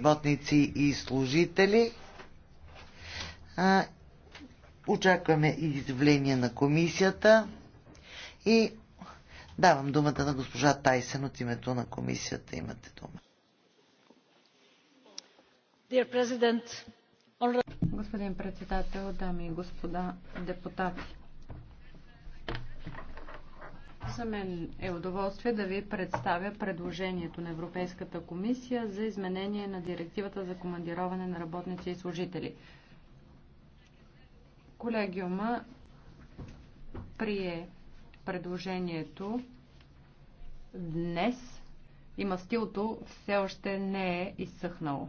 работници и служители. А, очакваме изявление на комисията и давам думата на госпожа Тайсен от името на комисията. Имате дума. Господин председател, дами и господа депутати, за мен е удоволствие да ви представя предложението на Европейската комисия за изменение на директивата за командироване на работници и служители. Колегиума прие предложението днес и мастилото все още не е изсъхнало.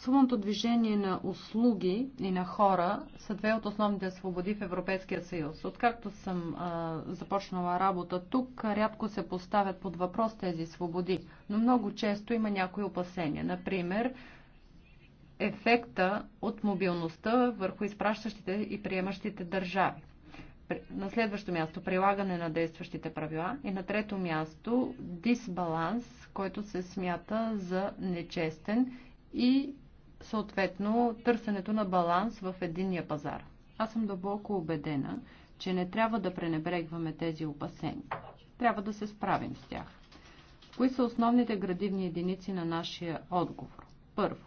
Свободното движение на услуги и на хора са две от основните свободи в Европейския съюз. Откакто съм а, започнала работа тук, рядко се поставят под въпрос тези свободи, но много често има някои опасения. Например, ефекта от мобилността върху изпращащите и приемащите държави. На следващо място прилагане на действащите правила и на трето място дисбаланс, който се смята за нечестен и съответно търсенето на баланс в единния пазар. Аз съм дълбоко убедена, че не трябва да пренебрегваме тези опасения. Трябва да се справим с тях. Кои са основните градивни единици на нашия отговор? Първо,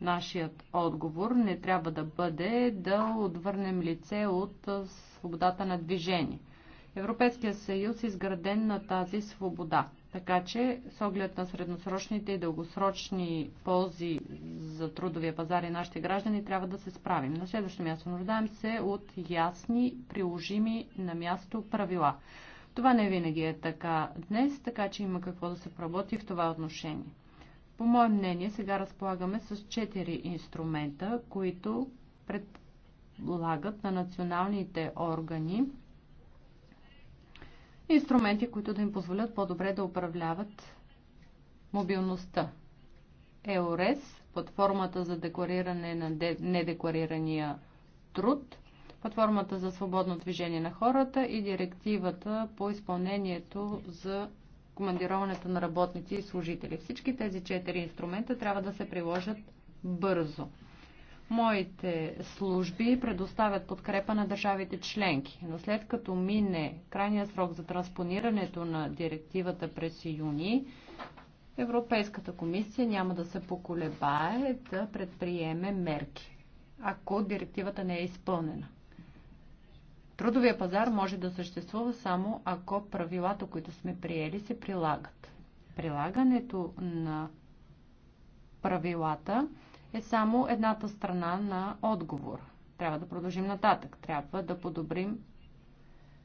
нашият отговор не трябва да бъде да отвърнем лице от свободата на движение. Европейския съюз е изграден на тази свобода – така че, с оглед на средносрочните и дългосрочни ползи за трудовия пазар и нашите граждани, трябва да се справим. На следващо място нуждаем се от ясни, приложими на място правила. Това не винаги е така днес, така че има какво да се проработи в това отношение. По мое мнение, сега разполагаме с 4 инструмента, които предлагат на националните органи инструменти, които да им позволят по-добре да управляват мобилността. ЕОРЕС, платформата за деклариране на недекларирания труд, платформата за свободно движение на хората и директивата по изпълнението за командироването на работници и служители. Всички тези четири инструмента трябва да се приложат бързо. Моите служби предоставят подкрепа на държавите членки, но след като мине крайния срок за транспонирането на директивата през юни, Европейската комисия няма да се поколебае да предприеме мерки, ако директивата не е изпълнена. Трудовия пазар може да съществува само ако правилата, които сме приели, се прилагат. Прилагането на правилата е само едната страна на отговор. Трябва да продължим нататък. Трябва да подобрим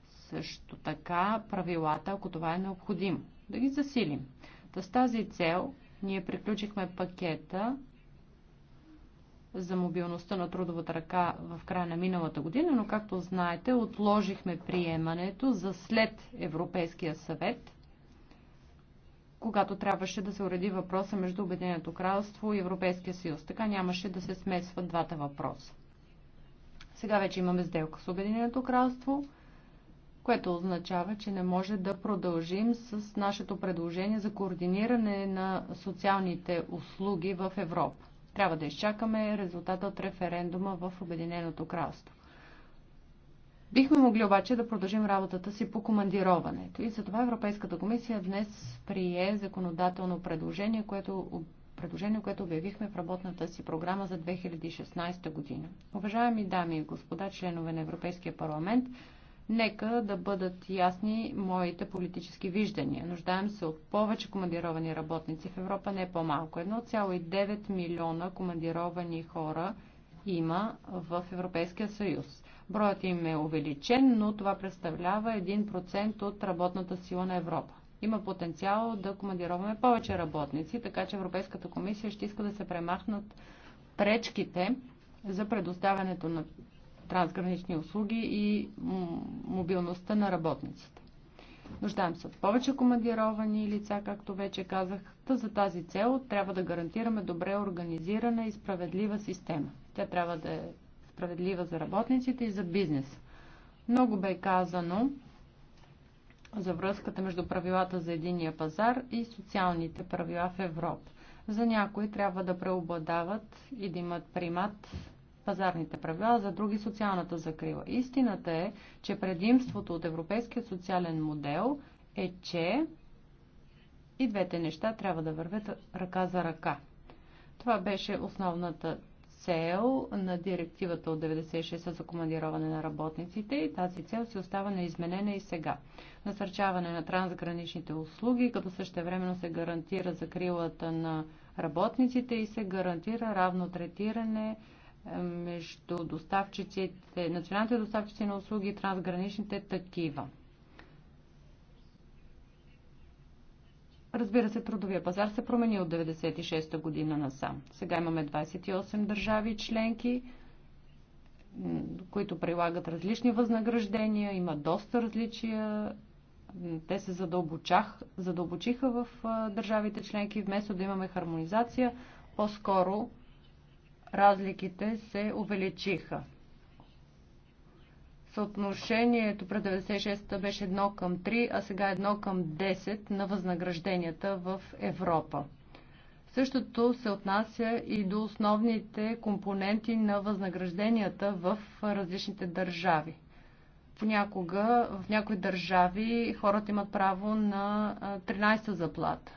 също така правилата, ако това е необходимо. Да ги засилим. Та с тази цел ние приключихме пакета за мобилността на трудовата ръка в края на миналата година, но както знаете, отложихме приемането за след Европейския съвет – когато трябваше да се уреди въпроса между Обединеното кралство и Европейския съюз. Така нямаше да се смесват двата въпроса. Сега вече имаме сделка с Обединеното кралство, което означава, че не може да продължим с нашето предложение за координиране на социалните услуги в Европа. Трябва да изчакаме резултата от референдума в Обединеното кралство. Бихме могли обаче да продължим работата си по командироването. И затова Европейската комисия днес прие законодателно предложение, което предложение, което обявихме в работната си програма за 2016 година. Уважаеми дами и господа, членове на Европейския парламент, нека да бъдат ясни моите политически виждания. Нуждаем се от повече командировани работници в Европа, не по-малко. 1,9 милиона командировани хора – има в Европейския съюз. Броят им е увеличен, но това представлява 1% от работната сила на Европа. Има потенциал да командироваме повече работници, така че Европейската комисия ще иска да се премахнат пречките за предоставянето на трансгранични услуги и мобилността на работниците. Нуждаем се от повече командировани лица, както вече казах. за тази цел трябва да гарантираме добре организирана и справедлива система. Тя трябва да е справедлива за работниците и за бизнес. Много бе казано за връзката между правилата за единия пазар и социалните правила в Европа. За някои трябва да преобладават и да имат примат пазарните правила, за други социалната закрила. Истината е, че предимството от европейския социален модел е, че и двете неща трябва да вървят ръка за ръка. Това беше основната цел на директивата от 96 за командироване на работниците и тази цел си остава неизменена и сега. Насърчаване на трансграничните услуги, като същевременно се гарантира закрилата на работниците и се гарантира равно третиране е, между доставчиците, националните доставчици на услуги и трансграничните такива. Разбира се, трудовия пазар се промени от 1996 година насам. Сега имаме 28 държави членки, които прилагат различни възнаграждения, има доста различия. Те се задълбочах, задълбочиха в държавите членки, вместо да имаме хармонизация, по-скоро разликите се увеличиха съотношението през 96-та беше 1 към 3, а сега 1 е към 10 на възнагражденията в Европа. Същото се отнася и до основните компоненти на възнагражденията в различните държави. Понякога в някои държави хората имат право на 13-та заплата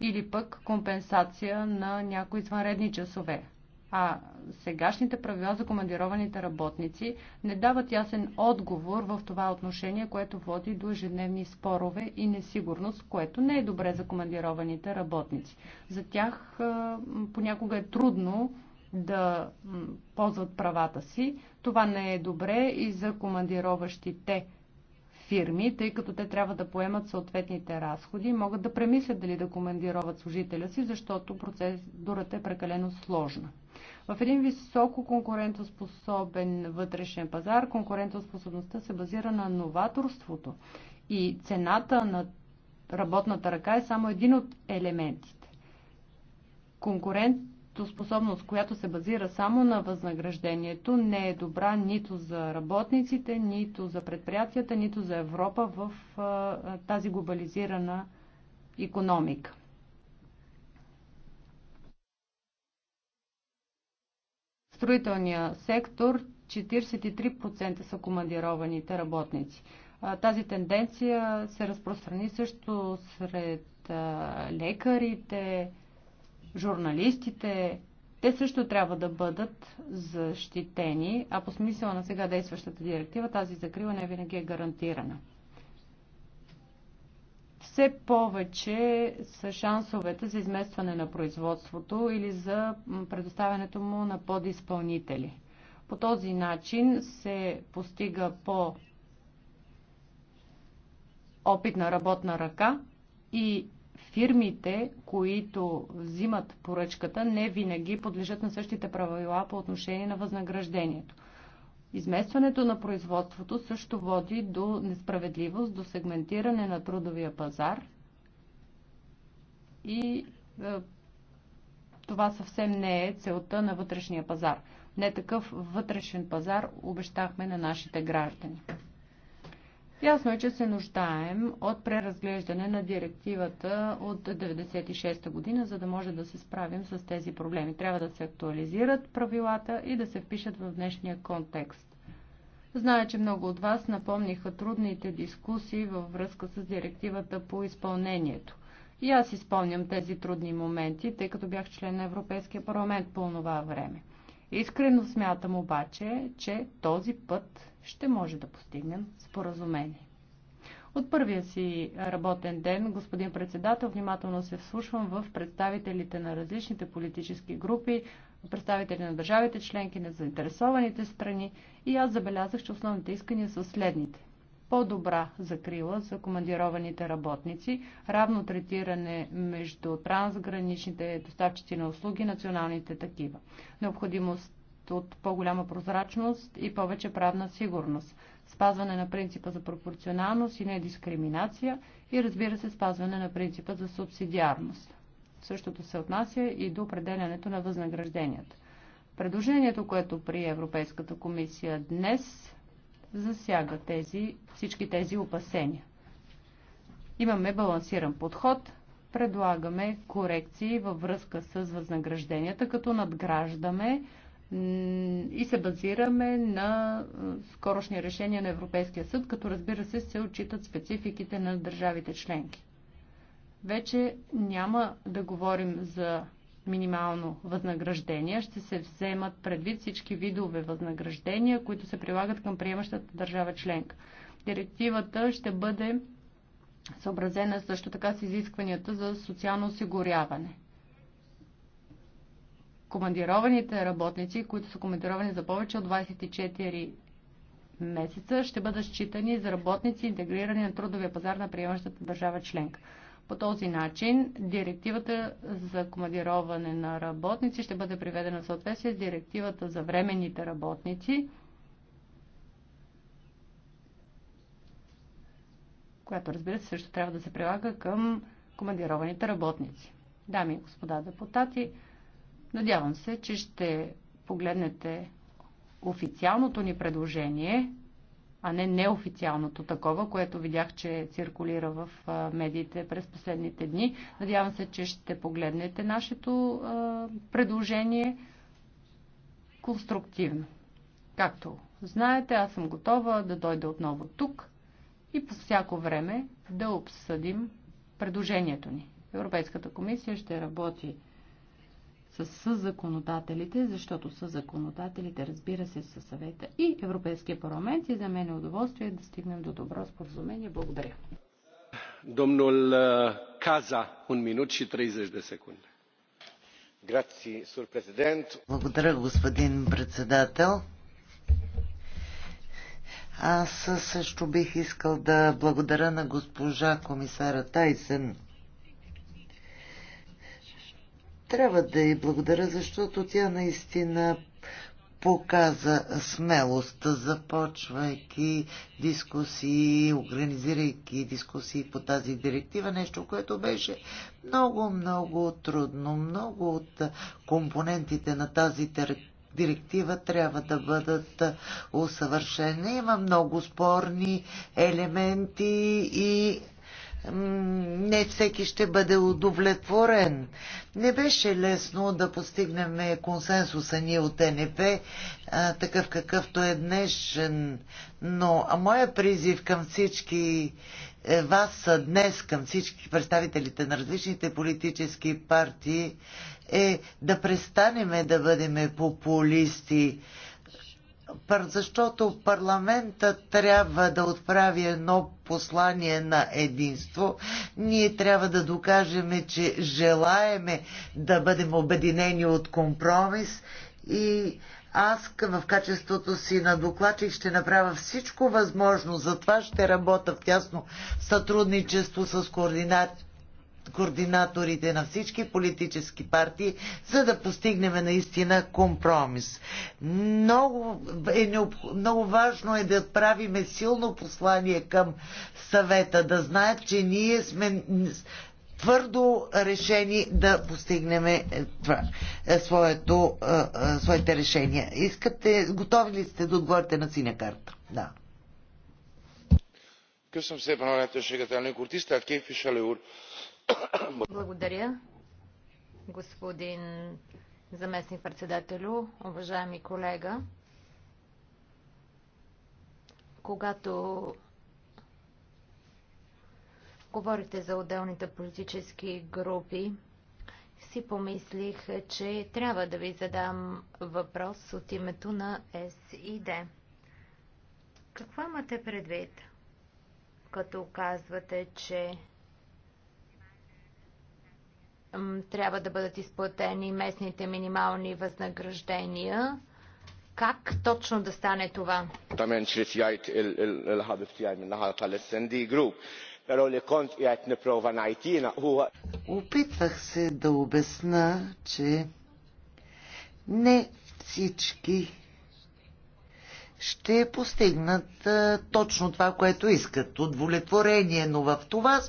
или пък компенсация на някои извънредни часове. А сегашните правила за командированите работници не дават ясен отговор в това отношение, което води до ежедневни спорове и несигурност, което не е добре за командированите работници. За тях понякога е трудно да ползват правата си. Това не е добре и за командироващите фирми, тъй като те трябва да поемат съответните разходи могат да премислят дали да командироват служителя си, защото процедурата е прекалено сложна. В един високо конкурентоспособен вътрешен пазар конкурентоспособността се базира на новаторството и цената на работната ръка е само един от елементите. Конкурент способност, която се базира само на възнаграждението, не е добра нито за работниците, нито за предприятията, нито за Европа в тази глобализирана економика. строителния сектор 43% са командированите работници. Тази тенденция се разпространи също сред лекарите, журналистите, те също трябва да бъдат защитени, а по смисъла на сега действащата директива тази закрива не винаги е гарантирана. Все повече са шансовете за изместване на производството или за предоставянето му на подиспълнители. По този начин се постига по опитна работна ръка и Фирмите, които взимат поръчката, не винаги подлежат на същите правила по отношение на възнаграждението. Изместването на производството също води до несправедливост, до сегментиране на трудовия пазар и е, това съвсем не е целта на вътрешния пазар. Не такъв вътрешен пазар обещахме на нашите граждани. Ясно е, че се нуждаем от преразглеждане на директивата от 1996 година, за да може да се справим с тези проблеми. Трябва да се актуализират правилата и да се впишат в днешния контекст. Зная, че много от вас напомниха трудните дискусии във връзка с директивата по изпълнението. И аз изпълням тези трудни моменти, тъй като бях член на Европейския парламент по това време. Искрено смятам обаче, че този път ще може да постигнем споразумение. От първия си работен ден, господин председател, внимателно се вслушвам в представителите на различните политически групи, представители на държавите членки, на заинтересованите страни и аз забелязах, че основните искания са следните по-добра закрила за командированите работници, равно третиране между трансграничните доставчици на услуги и националните такива. Необходимост от по-голяма прозрачност и повече правна сигурност, спазване на принципа за пропорционалност и недискриминация и разбира се спазване на принципа за субсидиарност. Същото се отнася и до определянето на възнагражденията. Предложението, което при Европейската комисия днес засяга тези, всички тези опасения. Имаме балансиран подход, предлагаме корекции във връзка с възнагражденията, като надграждаме и се базираме на скорошни решения на Европейския съд, като разбира се се отчитат спецификите на държавите членки. Вече няма да говорим за минимално възнаграждение. Ще се вземат предвид всички видове възнаграждения, които се прилагат към приемащата държава членка. Директивата ще бъде съобразена също така с изискванията за социално осигуряване. Командированите работници, които са командировани за повече от 24 месеца, ще бъдат считани за работници, интегрирани на трудовия пазар на приемащата държава членка. По този начин директивата за командироване на работници ще бъде приведена в съответствие с директивата за временните работници, която разбира се също трябва да се прилага към командированите работници. Дами и господа депутати, надявам се, че ще погледнете официалното ни предложение а не неофициалното такова, което видях, че циркулира в медиите през последните дни. Надявам се, че ще погледнете нашето предложение конструктивно. Както знаете, аз съм готова да дойда отново тук и по всяко време да обсъдим предложението ни. Европейската комисия ще работи с законодателите, защото законодателите, разбира се, със съвета и Европейския парламент и за мен е удоволствие да стигнем до добро споразумение. Благодаря. Домнул Каза, 1 минут и 30 de секунди. Благодаря, господин председател. Аз също бих искал да благодаря на госпожа комисара Тайсен трябва да й благодаря, защото тя наистина показа смелост, започвайки дискусии, организирайки дискусии по тази директива, нещо, което беше много, много трудно. Много от компонентите на тази директива трябва да бъдат усъвършени. Има много спорни елементи и не всеки ще бъде удовлетворен. Не беше лесно да постигнем консенсуса ни от НП, такъв какъвто е днешен, но а моя призив към всички е, вас днес, към всички представителите на различните политически партии е да престанеме да бъдем популисти, защото парламента трябва да отправи едно послание на единство. Ние трябва да докажем, че желаеме да бъдем обединени от компромис и аз в качеството си на докладчик ще направя всичко възможно. Затова ще работя в тясно сътрудничество с координат координаторите на всички политически партии, за да постигнем наистина компромис. Много, е, много важно е да правиме силно послание към съвета, да знаят, че ние сме твърдо решени да постигнем е, това, е, своето, е, своите решения. Искате, готови ли сте да отговорите на синя карта? Да. Köszönöm szépen a lehetőséget, elnök úr. Tisztelt képviselő úr, благодаря, господин заместник председателю, уважаеми колега. Когато говорите за отделните политически групи, си помислих, че трябва да ви задам въпрос от името на СИД. Какво имате предвид, като казвате, че трябва да бъдат изплатени местните минимални възнаграждения. Как точно да стане това? Опитвах се да обясна, че не всички ще постигнат точно това, което искат. Удовлетворение, но в това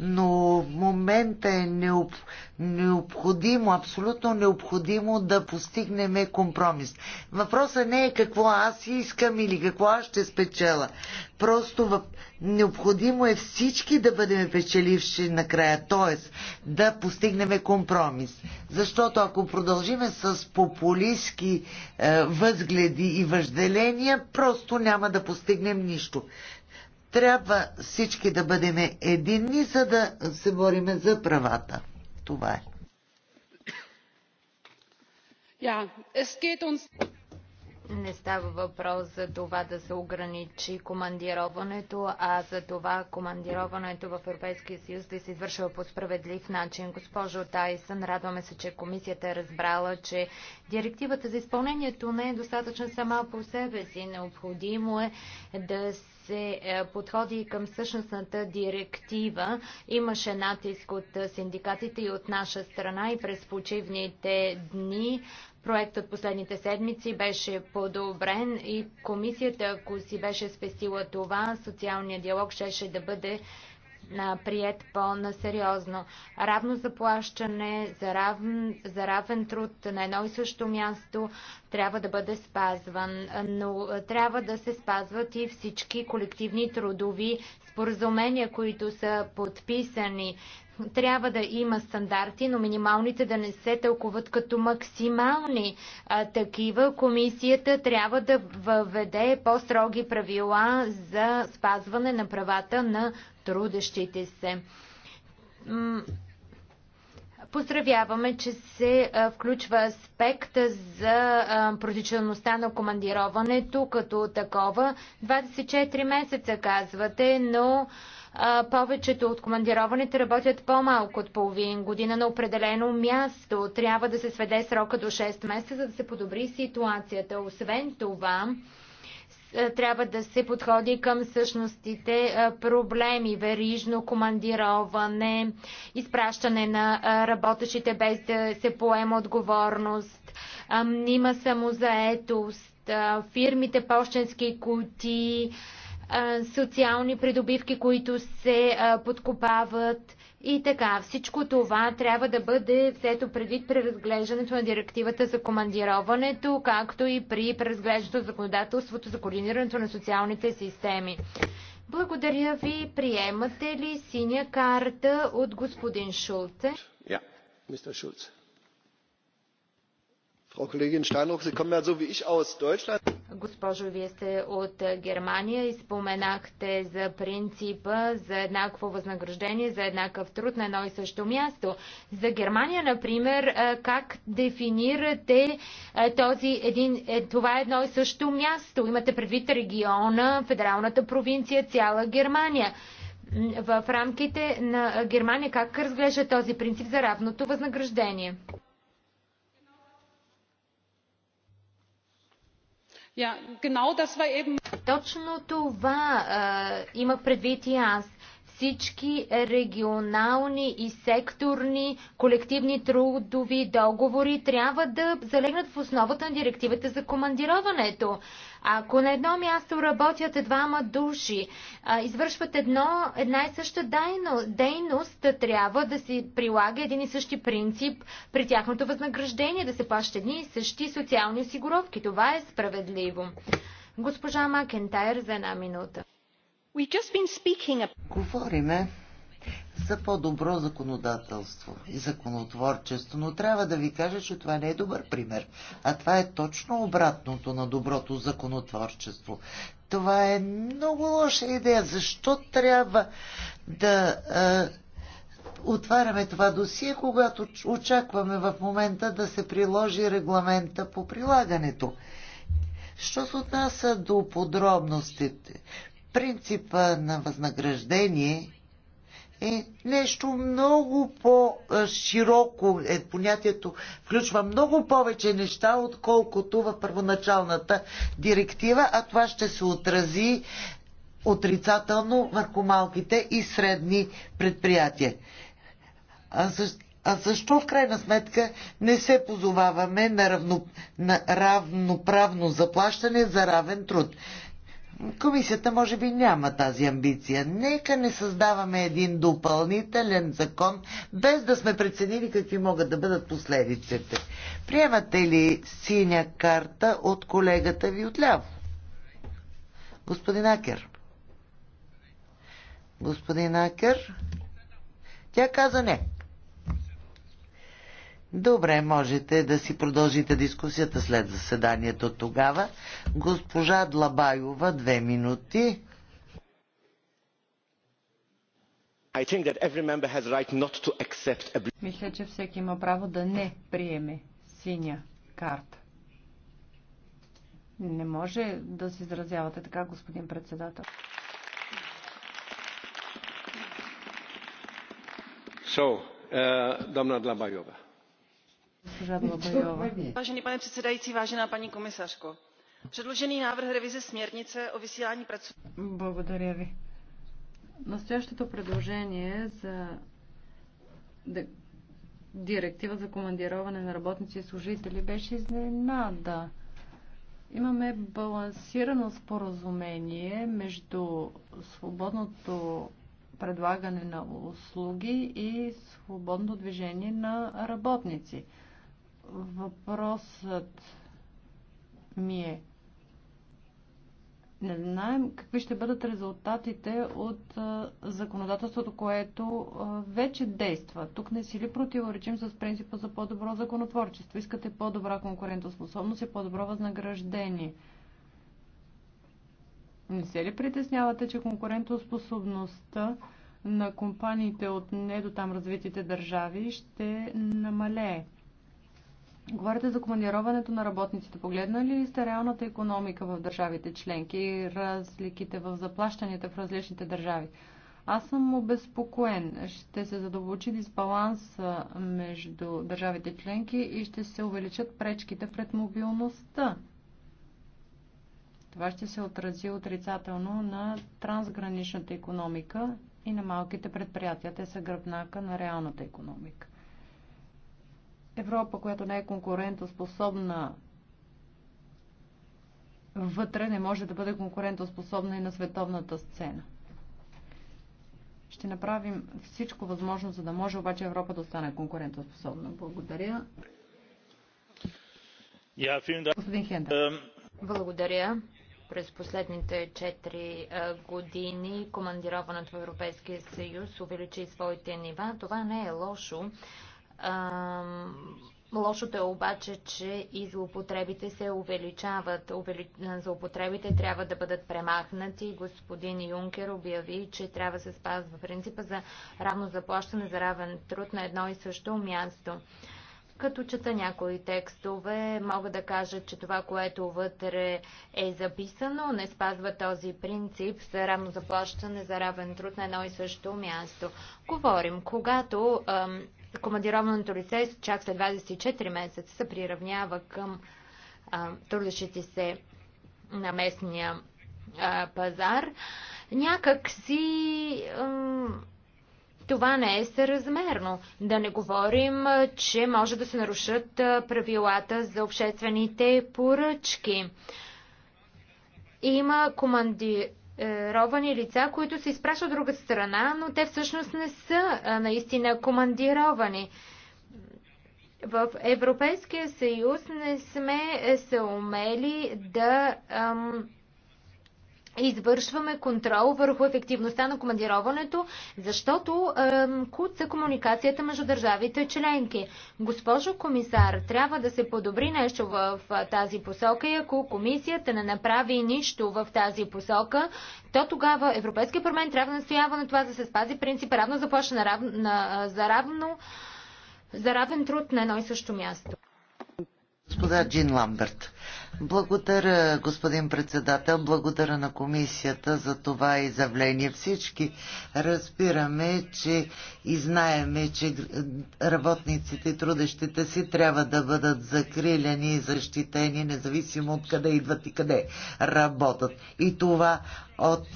но в момента е необ, необходимо, абсолютно необходимо да постигнем компромис. Въпросът не е какво аз искам или какво аз ще спечела. Просто в... необходимо е всички да бъдем печеливши накрая, т.е. да постигнем компромис. Защото ако продължиме с популистски е, възгледи и въжделения, просто няма да постигнем нищо. Трябва всички да бъдем единни, за да се бориме за правата. Това е. Ja, es geht uns... Не става въпрос за това да се ограничи командироването, а за това командироването в Европейския съюз да се извършва по справедлив начин. Госпожо Тайсън, радваме се, че комисията е разбрала, че директивата за изпълнението не е достатъчна сама по себе си. Необходимо е да се се е, подходи към същностната директива. Имаше натиск от е, синдикатите и от наша страна и през почивните дни Проект от последните седмици беше подобрен и комисията, ако си беше спестила това, социалният диалог щеше да бъде прият по-насериозно. Равно заплащане за равен, за равен труд на едно и също място трябва да бъде спазван, но трябва да се спазват и всички колективни трудови споразумения, които са подписани. Трябва да има стандарти, но минималните да не се тълкуват като максимални. А, такива комисията трябва да въведе по-строги правила за спазване на правата на трудещите се Поздравяваме, че се включва аспект за продължителността на командироването като такова. 24 месеца казвате, но повечето от командированите работят по-малко от половин година на определено място. Трябва да се сведе срока до 6 месеца, за да се подобри ситуацията. Освен това, е, трябва да се подходи към същностите е, проблеми, верижно командироване, изпращане на е, работещите без да се поема отговорност, има самозаетост, фирмите почтенски кутии, социални придобивки, които се подкопават. И така, всичко това трябва да бъде взето предвид при разглеждането на директивата за командироването, както и при разглеждането на законодателството за координирането на социалните системи. Благодаря ви. Приемате ли синя карта от господин Шулце? Да, мистер Шулце. Госпожо, вие сте от Германия и споменахте за принципа за еднакво възнаграждение, за еднакъв труд на едно и също място. За Германия, например, как дефинирате този един, е, това едно и също място? Имате предвид региона, федералната провинция, цяла Германия в рамките на Германия как разглежда този принцип за равното възнаграждение? Точно това има предвид и аз всички регионални и секторни колективни трудови договори трябва да залегнат в основата на директивата за командироването. Ако на едно място работят двама души, извършват едно, една и съща дейност, трябва да се прилага един и същи принцип при тяхното възнаграждение, да се плащат едни и същи социални осигуровки. Това е справедливо. Госпожа Макентайр за една минута. Говориме за по-добро законодателство и законотворчество, но трябва да ви кажа, че това не е добър пример, а това е точно обратното на доброто законотворчество. Това е много лоша идея. Защо трябва да е, отваряме това досие, когато очакваме в момента да се приложи регламента по прилагането? Що се отнася до подробностите? принципа на възнаграждение е нещо много по-широко. Е, понятието включва много повече неща, отколкото в първоначалната директива, а това ще се отрази отрицателно върху малките и средни предприятия. А също а защо в крайна сметка не се позоваваме на, равно, на равноправно заплащане за равен труд? Комисията може би няма тази амбиция. Нека не създаваме един допълнителен закон, без да сме преценили какви могат да бъдат последиците. Приемате ли синя карта от колегата ви отляво? Господин Акер. Господин Акер. Тя каза не. Добре, можете да си продължите дискусията след заседанието тогава. Госпожа Длабайова, две минути. Мисля, че всеки има право да не приеме синя карта. Не може да се изразявате така, господин председател. So, uh, Длабайова. Vážený pane předsedající, vážená paní komisařko, předložený návrh ревизия směrnice o vysílání пред... Благодаря ви. Настоящото предложение за директива за на работници и служители беше изненада. Имаме балансирано споразумение между свободното предлагане на услуги и свободно движение на работници. Въпросът ми е не знаем какви ще бъдат резултатите от законодателството, което вече действа. Тук не си ли противоречим с принципа за по-добро законотворчество? Искате по-добра конкурентоспособност и по-добро възнаграждение. Не се ли притеснявате, че конкурентоспособността на компаниите от не до там развитите държави ще намалее? Говорите за командироването на работниците. Погледнали ли сте реалната економика в държавите членки и разликите в заплащанията в различните държави? Аз съм обезпокоен. Ще се задълбочи дисбаланс между държавите членки и ще се увеличат пречките пред мобилността. Това ще се отрази отрицателно на трансграничната економика и на малките предприятия. Те са гръбнака на реалната економика. Европа, която не е конкурентоспособна вътре, не може да бъде конкурентоспособна и на световната сцена. Ще направим всичко възможно, за да може обаче Европа да остане конкурентоспособна. Благодаря. Господин Хендер. Благодаря. През последните 4 години командироването в Европейския съюз увеличи своите нива. Това не е лошо, Лошото е обаче, че и злоупотребите се увеличават. Злоупотребите трябва да бъдат премахнати. Господин Юнкер обяви, че трябва да се спазва принципа за равно заплащане за равен труд на едно и също място. Като чета някои текстове, мога да кажа, че това, което вътре е записано, не спазва този принцип за равно заплащане за равен труд на едно и също място. Говорим, когато ам, командированото лице чак след 24 месеца се приравнява към трудещите се на местния а, пазар. Някак си това не е съразмерно. Да не говорим, че може да се нарушат правилата за обществените поръчки. Има команди... Е, ровани лица, които се изпращат от друга страна, но те всъщност не са наистина командировани. В Европейския съюз не сме е, се умели да ам, извършваме контрол върху ефективността на командироването, защото е, куца комуникацията между държавите членки. Госпожо комисар, трябва да се подобри нещо в тази посока и ако комисията не направи нищо в тази посока, то тогава Европейския парламент трябва да настоява на това да се спази принцип равно заплащане на, на, за, равно, за равен труд на едно и също място. Господа Джин Ламберт. Благодаря, господин председател. Благодаря на комисията за това изявление. Всички разбираме, че и знаеме, че работниците и трудещите си трябва да бъдат закрилени, и защитени, независимо от къде идват и къде работят. И това от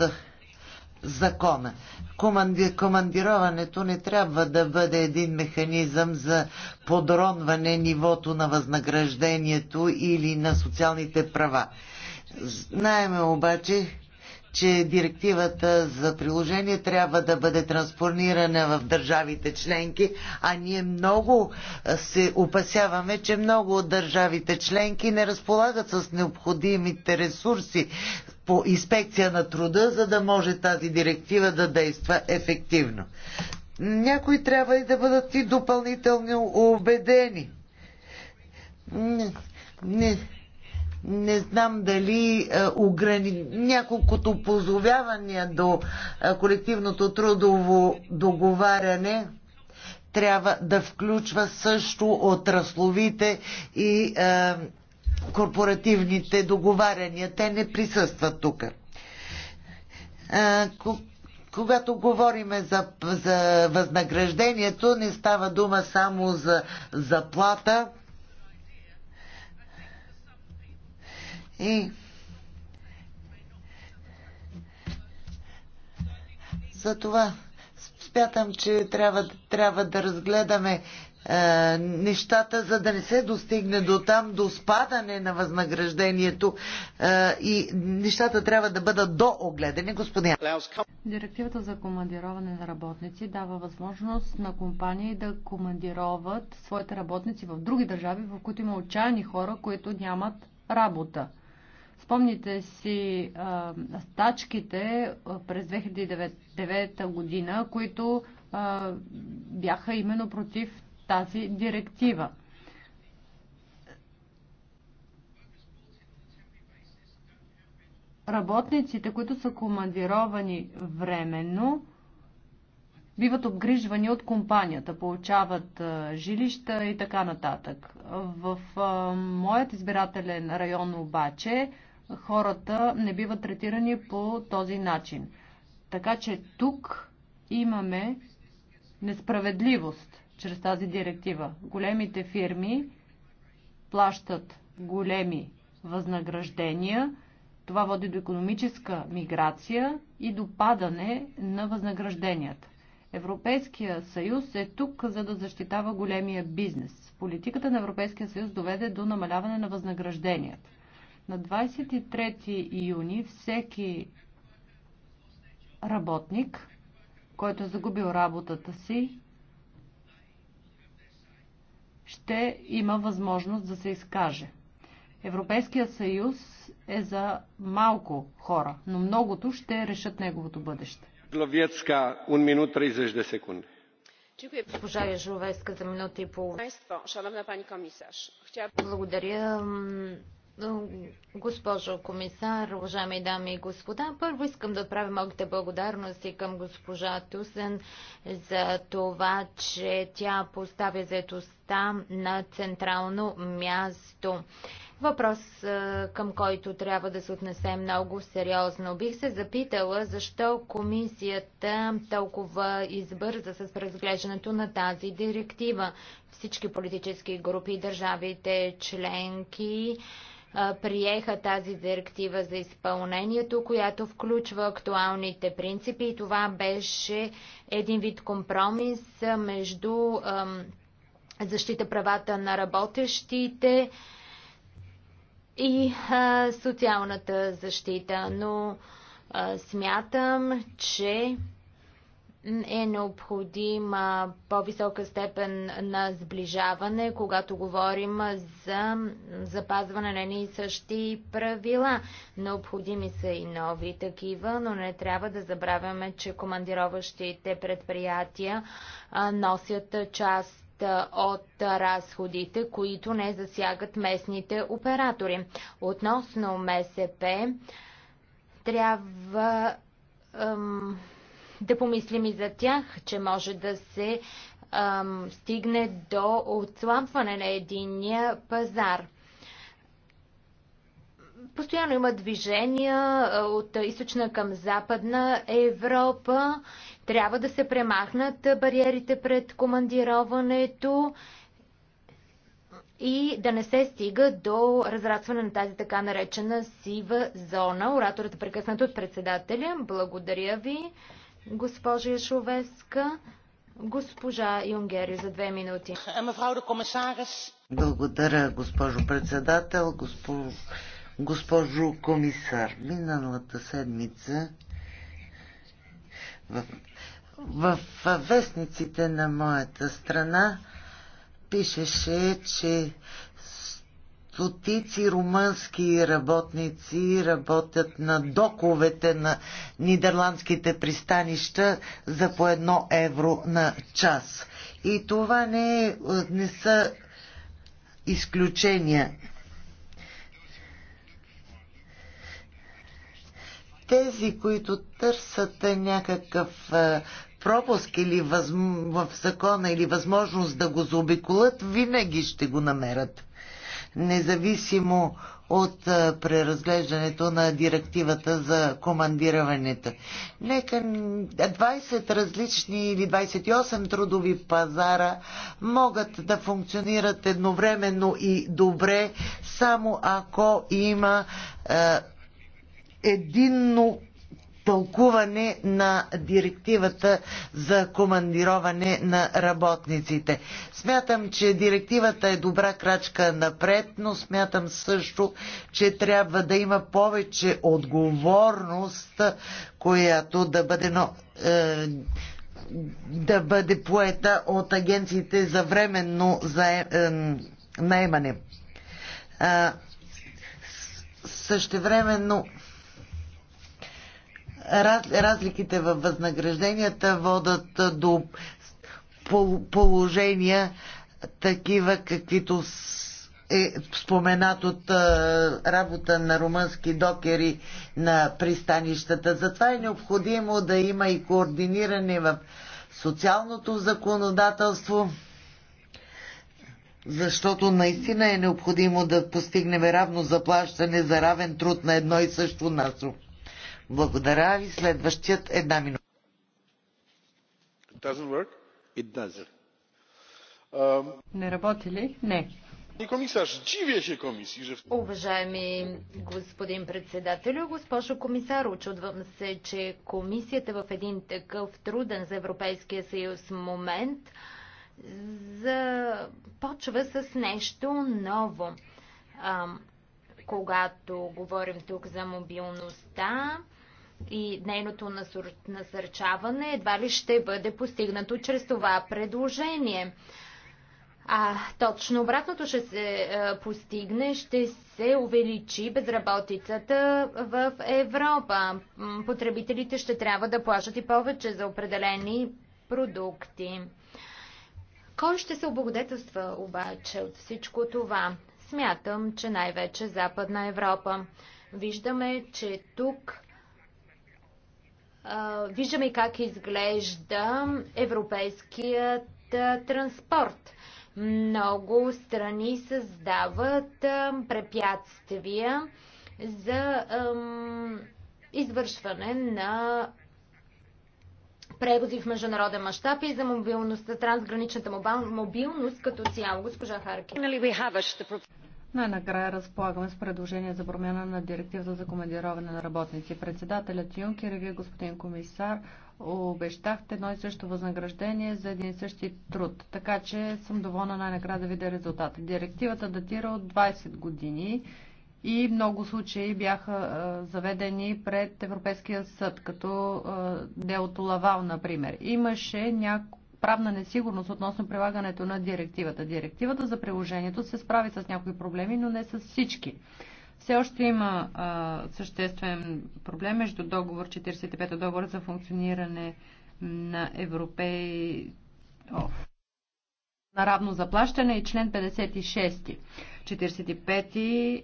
закона. Команди, командироването не трябва да бъде един механизъм за подронване нивото на възнаграждението или на социалните права. Знаеме обаче, че директивата за приложение трябва да бъде транспонирана в държавите членки, а ние много се опасяваме, че много от държавите членки не разполагат с необходимите ресурси по инспекция на труда, за да може тази директива да действа ефективно. Някои трябва и да бъдат и допълнително убедени. Не, не, не знам дали е, ограни... няколкото позовявания до а, колективното трудово договаряне трябва да включва също отрасловите и а, корпоративните договаряния. Те не присъстват тук. Когато говорим за, за възнаграждението, не става дума само за заплата. И за това спятам, че трябва, трябва да разгледаме е, нещата, за да не се достигне до там, до спадане на възнаграждението е, и нещата трябва да бъдат доогледани, господин. Директивата за командироване на работници дава възможност на компании да командироват своите работници в други държави, в които има отчаяни хора, които нямат работа. Спомните си а, стачките през 2009 година, които а, бяха именно против тази директива. Работниците, които са командировани временно, биват обгрижвани от компанията, получават жилища и така нататък. В моят избирателен район обаче хората не биват третирани по този начин. Така че тук имаме несправедливост чрез тази директива. Големите фирми плащат големи възнаграждения. Това води до економическа миграция и до падане на възнагражденията. Европейския съюз е тук, за да защитава големия бизнес. Политиката на Европейския съюз доведе до намаляване на възнагражденията. На 23 июни всеки работник, който е загубил работата си, ще има възможност да се изкаже. Европейският съюз е за малко хора, но многото ще решат неговото бъдеще. Ловецка, 1 минут 30 секунди. Госпожа Яжовеска за минута и половина. Благодаря. Госпожо комисар, уважаеми дами и господа, първо искам да отправя моите благодарности към госпожа Тусен за това, че тя поставя заетостта на централно място. Въпрос, към който трябва да се отнесе много сериозно. Бих се запитала защо комисията толкова избърза с разглеждането на тази директива. Всички политически групи, държавите, членки, приеха тази директива за изпълнението, която включва актуалните принципи и това беше един вид компромис между защита правата на работещите и социалната защита. Но смятам, че е необходима по-висока степен на сближаване, когато говорим за запазване на едни и същи правила. Необходими са и нови такива, но не трябва да забравяме, че командироващите предприятия носят част от разходите, които не засягат местните оператори. Относно МСП, трябва да помислим и за тях, че може да се ам, стигне до отслабване на единния пазар. Постоянно има движения от източна към западна Европа. Трябва да се премахнат бариерите пред командироването и да не се стига до разрастване на тази така наречена сива зона. Ораторът е прекъснат от председателя. Благодаря ви госпожа Яшовеска. Госпожа Юнгери за две минути. Е, Благодаря, госпожо председател, госпожо, госпожо комисар. Миналата седмица в, в вестниците на моята страна пишеше, че стотици румънски работници работят на доковете на нидерландските пристанища за по едно евро на час. И това не, е, не са изключения. Тези, които търсят някакъв пропуск или възм... в закона или възможност да го заобиколят, винаги ще го намерят независимо от преразглеждането на директивата за командирането. Нека 20 различни или 28 трудови пазара могат да функционират едновременно и добре, само ако има е, единно тълкуване на директивата за командироване на работниците. Смятам, че директивата е добра крачка напред, но смятам също, че трябва да има повече отговорност, която да бъде но, е, да бъде поета от агенциите за временно заем, е, наемане. Е, същевременно разликите във възнагражденията водат до положения такива, каквито е споменат от работа на румънски докери на пристанищата. Затова е необходимо да има и координиране в социалното законодателство, защото наистина е необходимо да постигнем равно заплащане за равен труд на едно и също насо. Благодаря ви. Следващият е една минута. Um... Не работи ли? Не. Комисаж, дивя се комисии, че... Уважаеми господин председател, госпожо комисар, очудвам се, че комисията в един такъв труден за Европейския съюз момент започва с нещо ново. А, когато говорим тук за мобилността, и нейното насърчаване едва ли ще бъде постигнато чрез това предложение. А точно обратното ще се е, постигне, ще се увеличи безработицата в Европа. Потребителите ще трябва да плащат и повече за определени продукти. Кой ще се облагодетелства обаче от всичко това? Смятам, че най-вече Западна Европа. Виждаме, че тук виждаме как изглежда европейският транспорт. Много страни създават препятствия за извършване на превози в международен мащаб и за мобилността, трансграничната мобилност като цяло. Госпожа Харки. Най-накрая разполагаме с предложение за промяна на директива за командироване на работници. Председателят Юнкер и вие, господин комисар, обещахте едно и също възнаграждение за един и същи труд. Така че съм доволна най-накрая да видя резултата. Директивата датира от 20 години и много случаи бяха заведени пред Европейския съд, като делото Лавал, например. Имаше няко правна несигурност относно прилагането на директивата. Директивата за приложението се справи с някои проблеми, но не с всички. Все още има а, съществен проблем между договор 45 договор за функциониране на Европей... О, на равно заплащане и член 56. 45-ти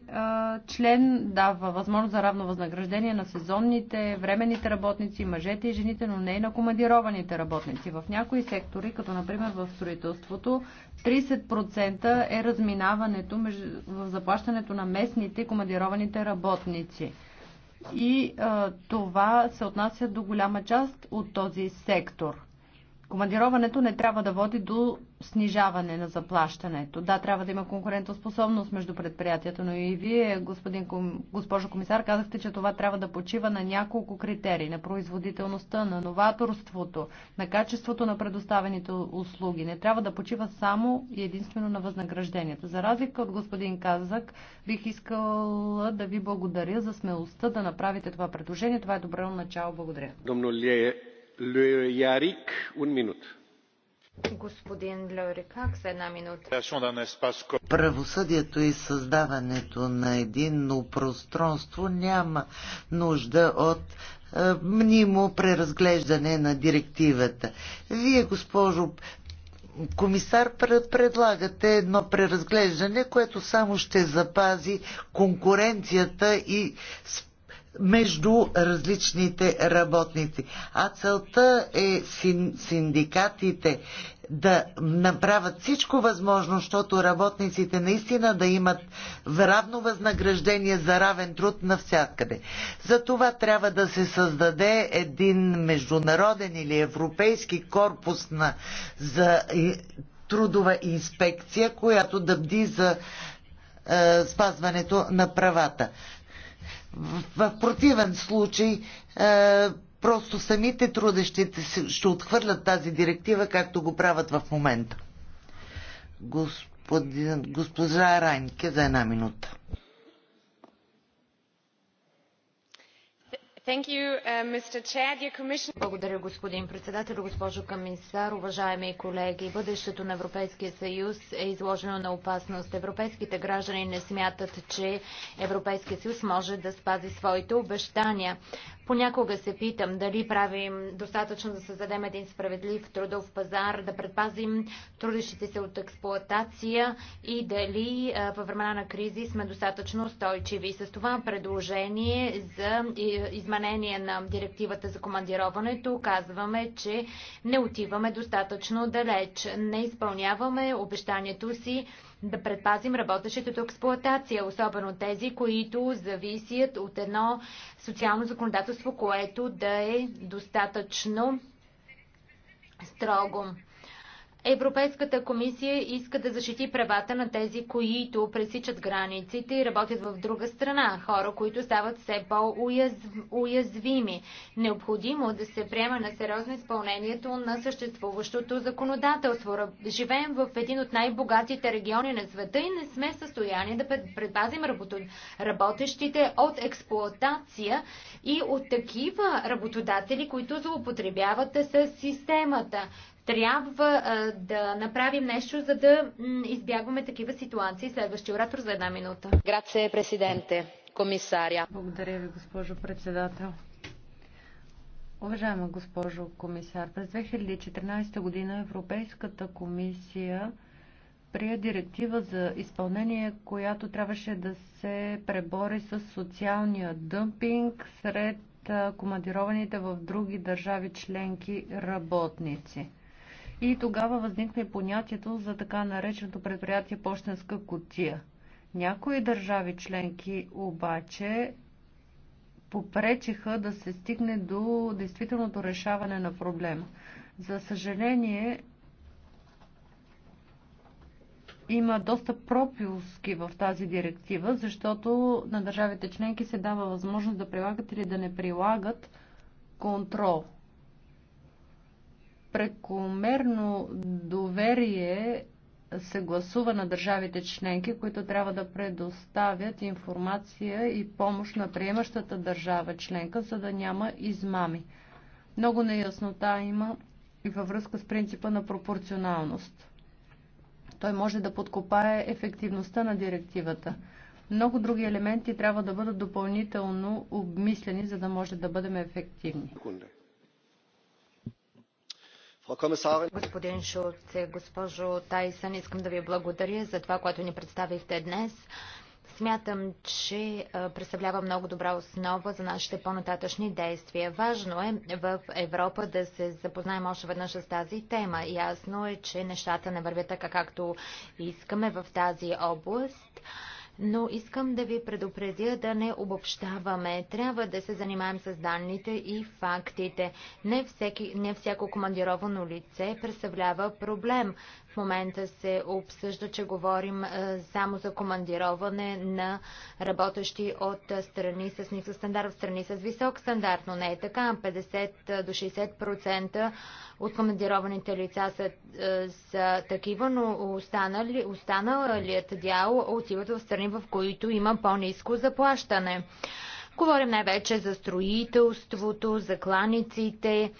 член дава възможност за равно възнаграждение на сезонните, временните работници, мъжете и жените, но не и на командированите работници. В някои сектори, като например в строителството, 30% е разминаването в заплащането на местните и командированите работници. И а, това се отнася до голяма част от този сектор – Командироването не трябва да води до снижаване на заплащането. Да, трябва да има конкурентоспособност между предприятията, но и вие, господин, госпожо комисар, казахте, че това трябва да почива на няколко критерии. На производителността, на новаторството, на качеството на предоставените услуги. Не трябва да почива само и единствено на възнагражденията. За разлика от господин Казак, бих искала да ви благодаря за смелостта да направите това предложение. Това е добро начало. Благодаря. Господин една минута. Правосъдието и създаването на единно пространство няма нужда от е, мнимо преразглеждане на директивата. Вие, госпожо комисар, предлагате едно преразглеждане, което само ще запази конкуренцията и между различните работници. А целта е синдикатите да направят всичко възможно, защото работниците наистина да имат равно възнаграждение за равен труд навсякъде. За това трябва да се създаде един международен или европейски корпус на, за трудова инспекция, която да бди за е, спазването на правата. В противен случай е, просто самите трудещите ще отхвърлят тази директива, както го правят в момента. Господин, госпожа Райнке за една минута. Uh, Благодаря, господин председател, госпожо комисар, уважаеми колеги. Бъдещето на Европейския съюз е изложено на опасност. Европейските граждани не смятат, че Европейския съюз може да спази своите обещания. Понякога се питам дали правим достатъчно да създадем един справедлив трудов пазар, да предпазим трудещите се от експлоатация и дали във времена на кризи сме достатъчно устойчиви. С това предложение за изменение на директивата за командироването казваме, че не отиваме достатъчно далеч. Не изпълняваме обещанието си да предпазим работещите от експлоатация, особено тези, които зависят от едно социално законодателство, което да е достатъчно строго. Европейската комисия иска да защити правата на тези, които пресичат границите и работят в друга страна, хора, които стават все по-уязвими. Необходимо да се приема на сериозно изпълнението на съществуващото законодателство. Живеем в един от най-богатите региони на света и не сме в състояние да предпазим работещите от експлоатация и от такива работодатели, които злоупотребяват с системата. Трябва да направим нещо, за да избягваме такива ситуации. Следващия оратор за една минута. Грация, президенте, комисаря. Благодаря ви, госпожо председател. Уважаема госпожо комисар, през 2014 година Европейската комисия прие директива за изпълнение, която трябваше да се пребори с социалния дъмпинг сред командированите в други държави членки работници. И тогава възникна и понятието за така нареченото предприятие Пощенска котия. Някои държави членки обаче попречиха да се стигне до действителното решаване на проблема. За съжаление, има доста пропилски в тази директива, защото на държавите членки се дава възможност да прилагат или да не прилагат контрол прекомерно доверие се гласува на държавите членки, които трябва да предоставят информация и помощ на приемащата държава членка, за да няма измами. Много неяснота има и във връзка с принципа на пропорционалност. Той може да подкопае ефективността на директивата. Много други елементи трябва да бъдат допълнително обмислени, за да може да бъдем ефективни. Господин Шулце, госпожо Тайсън, искам да ви благодаря за това, което ни представихте днес. Смятам, че представлява много добра основа за нашите по-нататъчни действия. Важно е в Европа да се запознаем още веднъж с тази тема. Ясно е, че нещата не вървят така, както искаме в тази област но искам да ви предупредя да не обобщаваме. Трябва да се занимаем с данните и фактите. Не, всеки, не всяко командировано лице представлява проблем момента се обсъжда, че говорим само за командироване на работещи от страни с нисък стандарт в страни с висок стандарт, но не е така. 50 до 60% от командированите лица са, са такива, но останали, останалият дял отиват в страни, в които има по-низко заплащане. Говорим най-вече за строителството, за кланиците,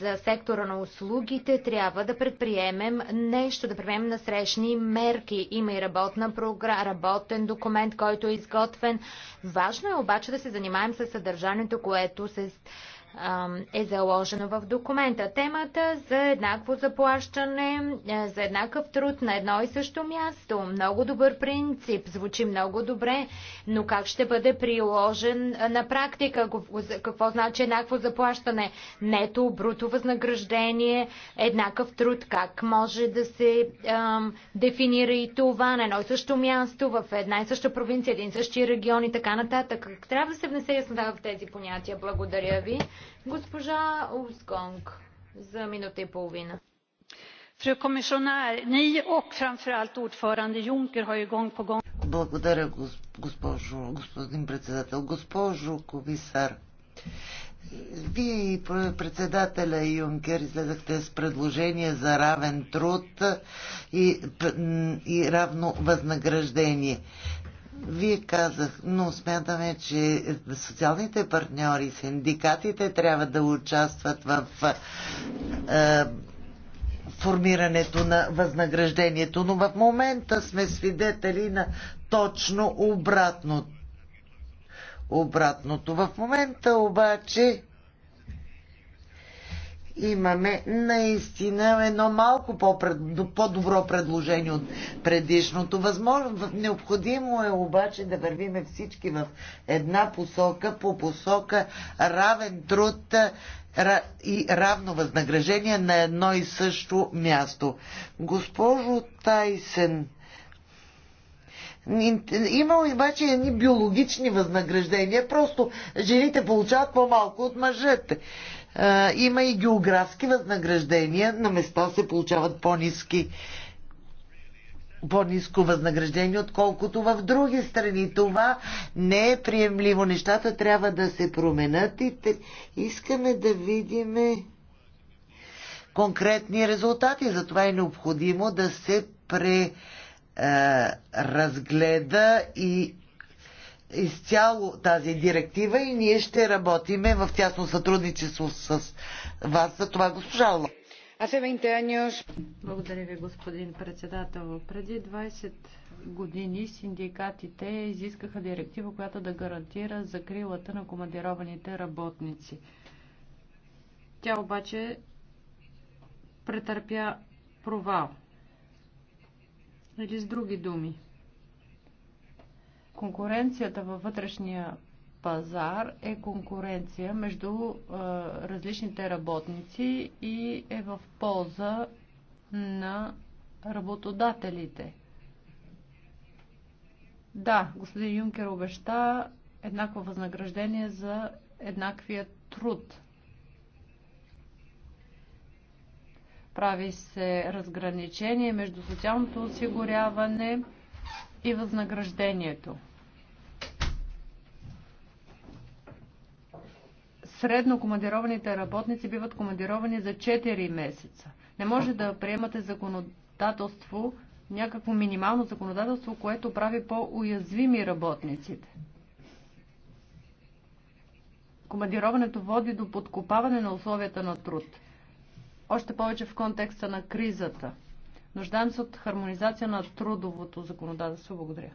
за сектора на услугите. Трябва да предприемем нещо, да предприемем насрещни мерки. Има и работна програма, работен документ, който е изготвен. Важно е обаче да се занимаем с съдържанието, което се е заложено в документа. Темата за еднакво заплащане, е, за еднакъв труд на едно и също място. Много добър принцип, звучи много добре, но как ще бъде приложен е, на практика? Какво значи еднакво заплащане? Нето, бруто възнаграждение, еднакъв труд. Как може да се ам, дефинира и това на едно и също място, в една и съща провинция, един и същи регион и така нататък? Трябва да се внесе яснота в тези понятия. Благодаря ви. Госпожа Усконг за минута и половина. Фрю комисионер, ни и framför ordförande Юнкер har ju gång på gång... Благодаря, госпожо, господин председател. Госпожо комисар, вие и председателя Юнкер излезахте с предложение за равен труд и, и равно възнаграждение. Вие казах, но смятаме, че социалните партньори, синдикатите трябва да участват в е, формирането на възнаграждението, но в момента сме свидетели на точно обратното. Обратното. В момента обаче имаме наистина едно малко по-добро предложение от предишното. Възможно, необходимо е обаче да вървиме всички в една посока, по посока равен труд и равно възнаграждение на едно и също място. Госпожо Тайсен, има обаче едни биологични възнаграждения. Просто жените получават по-малко от мъжете има и географски възнаграждения. На места се получават по-низки по-низко възнаграждение, отколкото в други страни. Това не е приемливо. Нещата трябва да се променят и те... искаме да видим конкретни резултати. Затова е необходимо да се преразгледа и изцяло тази директива и ние ще работиме в тясно сътрудничество с вас за това, госпожа Ло. Благодаря ви, господин председател. Преди 20 години синдикатите изискаха директива, която да гарантира закрилата на командированите работници. Тя обаче претърпя провал. Или с други думи, Конкуренцията във вътрешния пазар е конкуренция между е, различните работници и е в полза на работодателите. Да, господин Юнкер обеща еднакво възнаграждение за еднаквия труд. Прави се разграничение между социалното осигуряване и възнаграждението. Средно командированите работници биват командировани за 4 месеца. Не може да приемате законодателство, някакво минимално законодателство, което прави по-уязвими работниците. Командироването води до подкопаване на условията на труд. Още повече в контекста на кризата – Нуждаем се от хармонизация на трудовото законодателство. Благодаря.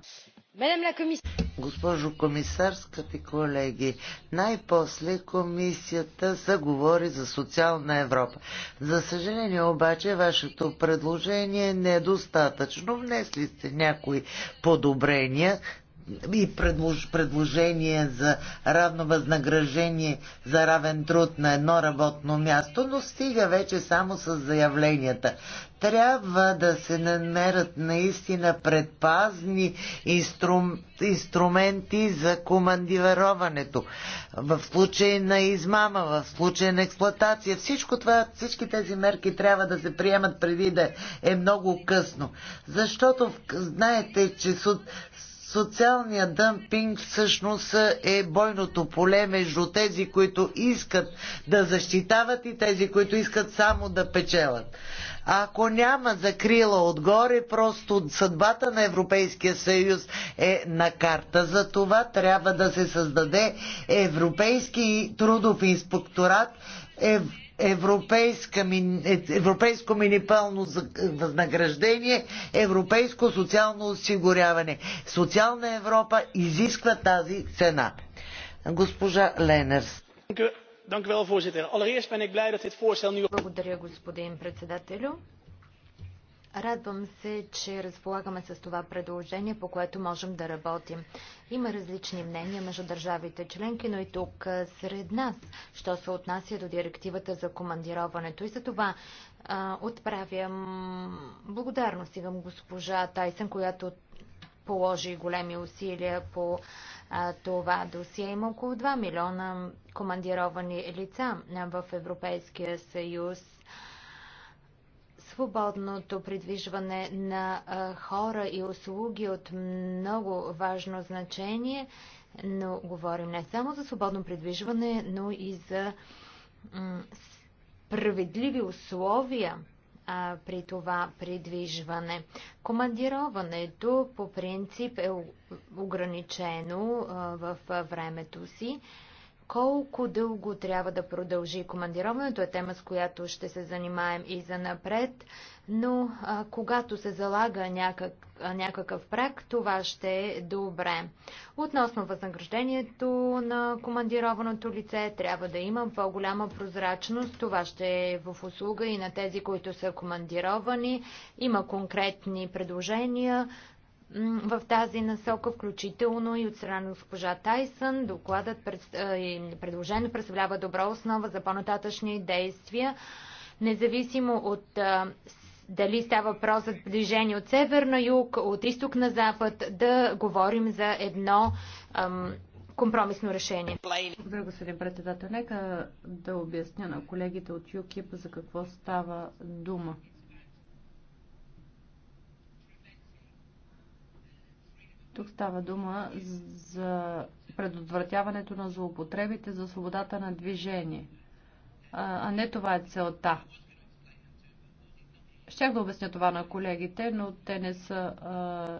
Госпожо комисар, скъпи колеги, най-после комисията заговори за социална Европа. За съжаление обаче, вашето предложение е недостатъчно. Внесли сте някои подобрения, и предлож, предложение за равно възнаграждение за равен труд на едно работно място, но стига вече само с заявленията. Трябва да се намерят наистина предпазни инструм, инструменти за командироването. В случай на измама, в случай на експлоатация, всичко това, всички тези мерки трябва да се приемат преди да е много късно. Защото знаете, че суд, социалният дъмпинг всъщност е бойното поле между тези, които искат да защитават и тези, които искат само да печелят. А ако няма закрила отгоре, просто съдбата на Европейския съюз е на карта. За това трябва да се създаде Европейски трудов инспекторат, европейска, е, европейско минимално възнаграждение, европейско социално осигуряване. Социална Европа изисква тази цена. Госпожа Ленерс. Благодаря, господин председателю. Радвам се, че разполагаме с това предложение, по което можем да работим. Има различни мнения между държавите членки, но и тук сред нас, що се отнася до директивата за командироването. И за това а, отправям благодарност и към госпожа Тайсън, която положи големи усилия по а, това досие. Има около 2 милиона командировани лица в Европейския съюз Свободното придвижване на хора и услуги от много важно значение, но говорим не само за свободно придвижване, но и за справедливи условия а, при това придвижване. Командироването по принцип е ограничено а, в времето си. А, колко дълго трябва да продължи командироването е тема, с която ще се занимаем и за напред, но а, когато се залага някак, някакъв прак, това ще е добре. Относно възнаграждението на командированото лице, трябва да има по-голяма прозрачност. Това ще е в услуга и на тези, които са командировани. Има конкретни предложения в тази насока, включително и от страна на госпожа Тайсън. Докладът предложено представлява добра основа за по-нататъчни действия, независимо от дали става въпрос за движение от север на юг, от изток на запад, да говорим за едно ам, компромисно решение. Благодаря, господин председател. Нека да обясня на колегите от ЮКИП за какво става дума. Тук става дума за предотвратяването на злоупотребите за свободата на движение. А не това е целта. Щях да обясня това на колегите, но те не са а,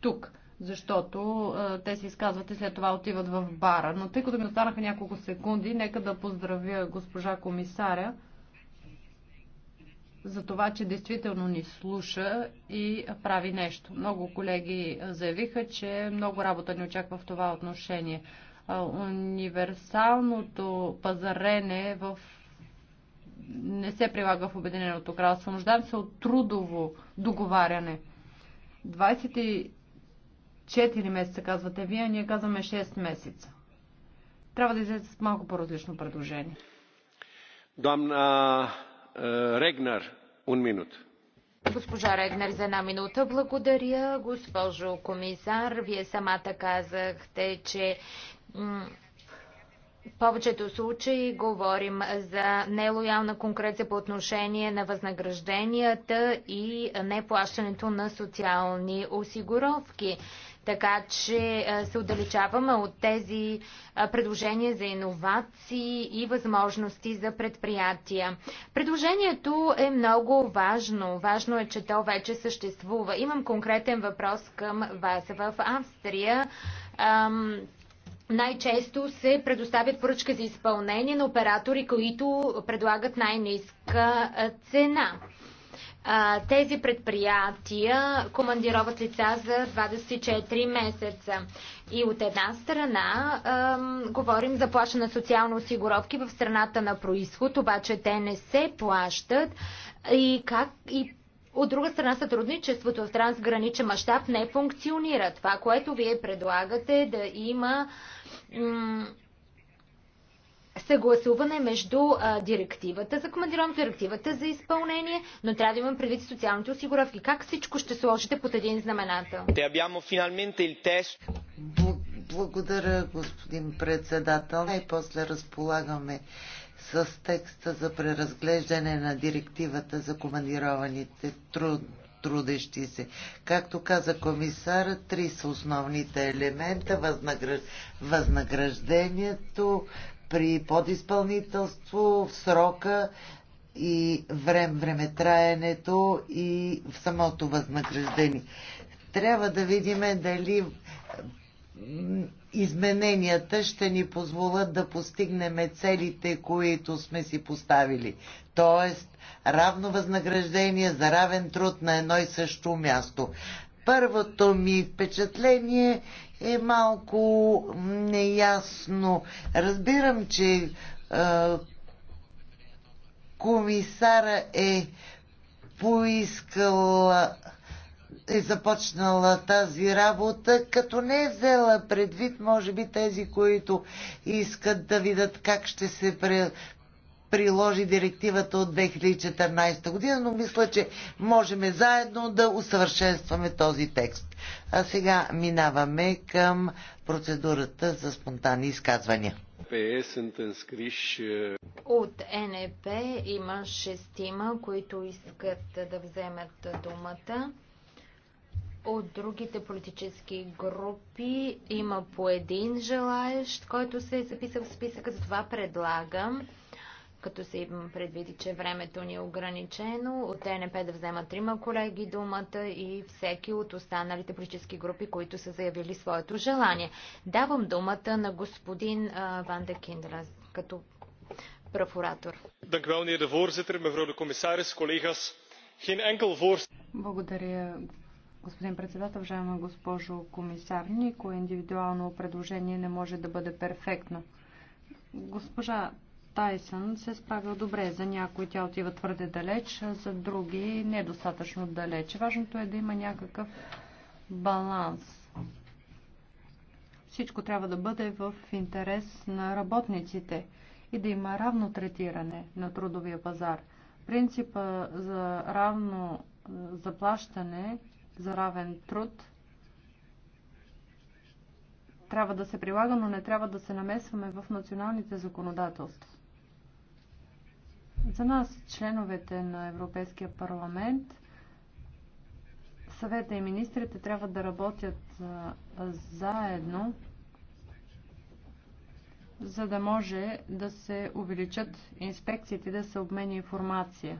тук, защото а, те се изказват и след това отиват в бара. Но тъй като ми останаха няколко секунди, нека да поздравя госпожа комисаря за това, че действително ни слуша и прави нещо. Много колеги заявиха, че много работа ни очаква в това отношение. Универсалното пазарене в не се прилага в Обединеното кралство. Нуждаем се от трудово договаряне. 24 месеца казвате вие, а ние казваме 6 месеца. Трябва да излезе с малко по-различно предложение. Доамна Госпожа Регнер, за една минута благодаря. Госпожо комисар, вие самата казахте, че в повечето случаи говорим за нелоялна конкуренция по отношение на възнагражденията и неплащането на социални осигуровки. Така че е, се отдалечаваме от тези е, предложения за иновации и възможности за предприятия. Предложението е много важно. Важно е, че то вече съществува. Имам конкретен въпрос към вас. В Австрия най-често се предоставят поръчка за изпълнение на оператори, които предлагат най-низка е, цена тези предприятия командироват лица за 24 месеца. И от една страна а, говорим за плаща на социални осигуровки в страната на происход, обаче те не се плащат и как и от друга страна, сътрудничеството в трансграничен мащаб не функционира. Това, което вие предлагате, е да има съгласуване между а, директивата за командироването директивата за изпълнение, но трябва да имам предвид социалните осигуровки. Как всичко ще сложите под един знаменател? Те Благодаря, господин председател. Най-после разполагаме с текста за преразглеждане на директивата за командированите труд, трудещи се. Както каза комисара, три са основните елемента възнагр... възнаграждението, при подизпълнителство, в срока и време, времетраенето и в самото възнаграждение. Трябва да видим дали измененията ще ни позволят да постигнем целите, които сме си поставили. Тоест, равно възнаграждение за равен труд на едно и също място. Първото ми впечатление е малко неясно. Разбирам, че а, комисара е поискала е започнала тази работа, като не е взела предвид, може би, тези, които искат да видят как ще се приложи директивата от 2014 година, но мисля, че можем заедно да усъвършенстваме този текст. А сега минаваме към процедурата за спонтанни изказвания. От НЕП има шестима, които искат да вземат думата. От другите политически групи има по един желаещ, който се е записал в списъка, затова предлагам като се имам предвид, че времето ни е ограничено, от ТНП да вземат трима колеги думата и всеки от останалите политически групи, които са заявили своето желание. Давам думата на господин Ванде Ван де Киндра като пръв оратор. Благодаря, Господин председател, уважаема госпожо комисар, никое индивидуално предложение не може да бъде перфектно. Госпожа Тайсън се е справил добре. За някои тя отива твърде далеч, за други недостатъчно далеч. Важното е да има някакъв баланс. Всичко трябва да бъде в интерес на работниците и да има равно третиране на трудовия пазар. Принципа за равно заплащане, за равен труд трябва да се прилага, но не трябва да се намесваме в националните законодателства. За нас, членовете на Европейския парламент, съвета и министрите трябва да работят заедно, за да може да се увеличат инспекциите, да се обмени информация.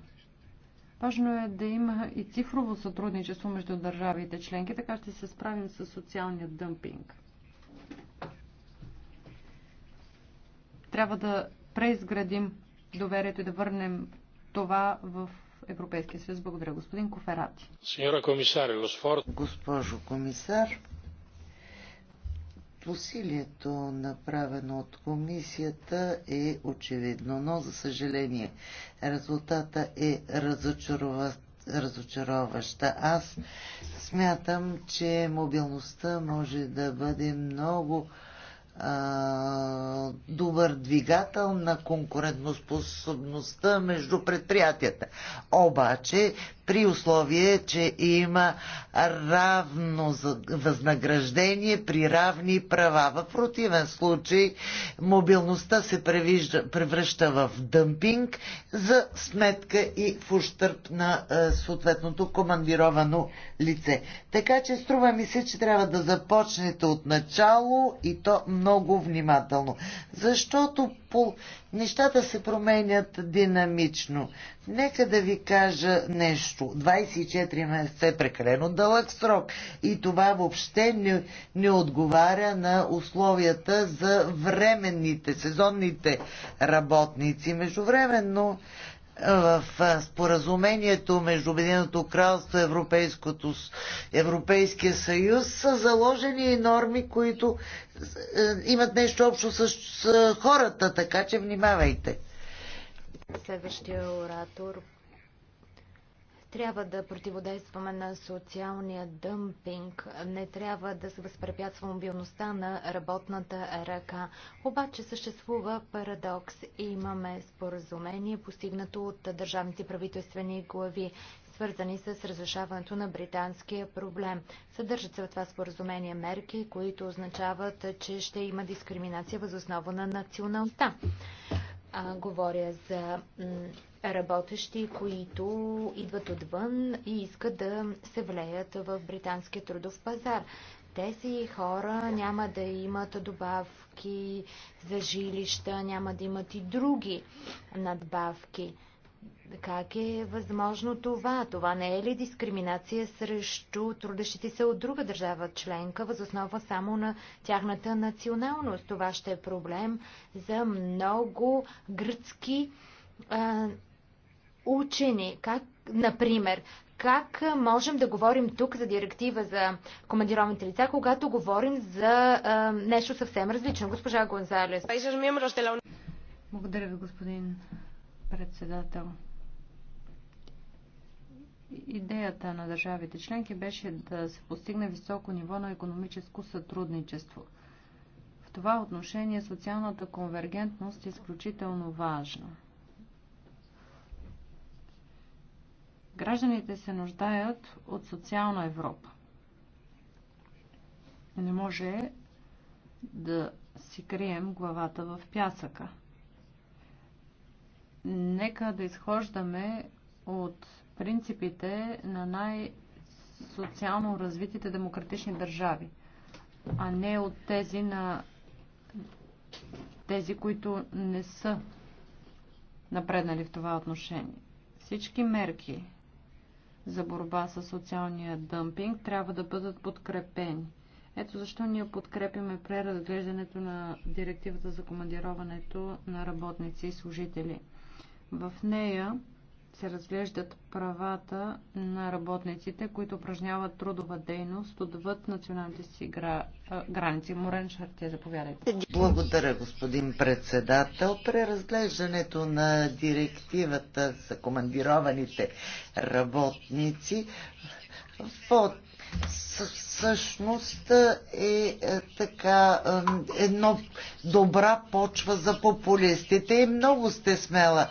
Важно е да има и цифрово сътрудничество между държавите членки, така ще се справим с социалния дъмпинг. Трябва да преизградим доверието и да върнем това в Европейския съюз. Благодаря, господин Коферати. Госпожо комисар, Усилието, направено от комисията, е очевидно, но за съжаление резултата е разочарова... разочароваща. Аз смятам, че мобилността може да бъде много добър двигател на конкурентоспособността между предприятията. Обаче при условие, че има равно възнаграждение при равни права. В противен случай мобилността се превръща в дъмпинг за сметка и в ущърп на е, съответното командировано лице. Така че струва ми се, че трябва да започнете от начало и то много внимателно. Защото пол, нещата се променят динамично. Нека да ви кажа нещо. 24 месеца е прекалено дълъг срок и това въобще не, не отговаря на условията за временните, сезонните работници. Междувременно в споразумението между Обединеното кралство и Европейския съюз са заложени и норми, които е, имат нещо общо с хората, така че внимавайте. Следващия оратор трябва да противодействаме на социалния дъмпинг, не трябва да се възпрепятства мобилността на работната ръка. Обаче съществува парадокс. Имаме споразумение, постигнато от държавните правителствени глави, свързани с разрешаването на британския проблем. Съдържат се в това споразумение мерки, които означават, че ще има дискриминация възоснова на националността. говоря за работещи, които идват отвън и искат да се влеят в британския трудов пазар. Тези хора няма да имат добавки за жилища, няма да имат и други надбавки. Как е възможно това? Това не е ли дискриминация срещу трудещите се от друга държава членка, възоснова само на тяхната националност? Това ще е проблем за много гръцки а, учени, как, например, как можем да говорим тук за директива за командировните лица, когато говорим за а, нещо съвсем различно? Госпожа Гонзалес. Благодаря ви, господин председател. Идеята на държавите членки беше да се постигне високо ниво на економическо сътрудничество. В това отношение социалната конвергентност е изключително важна. Гражданите се нуждаят от социална Европа. Не може да си крием главата в пясъка. Нека да изхождаме от принципите на най-социално развитите демократични държави, а не от тези на тези, които не са напреднали в това отношение. Всички мерки, за борба с социалния дъмпинг трябва да бъдат подкрепени. Ето защо ние подкрепяме преразглеждането на директивата за командироването на работници и служители. В нея се разглеждат правата на работниците, които упражняват трудова дейност отвъд националните си гра... граници. Морен Шартия, заповядайте. Благодаря, господин председател. Преразглеждането на директивата за командированите работници под всъщност е, е така едно добра почва за популистите и много сте смела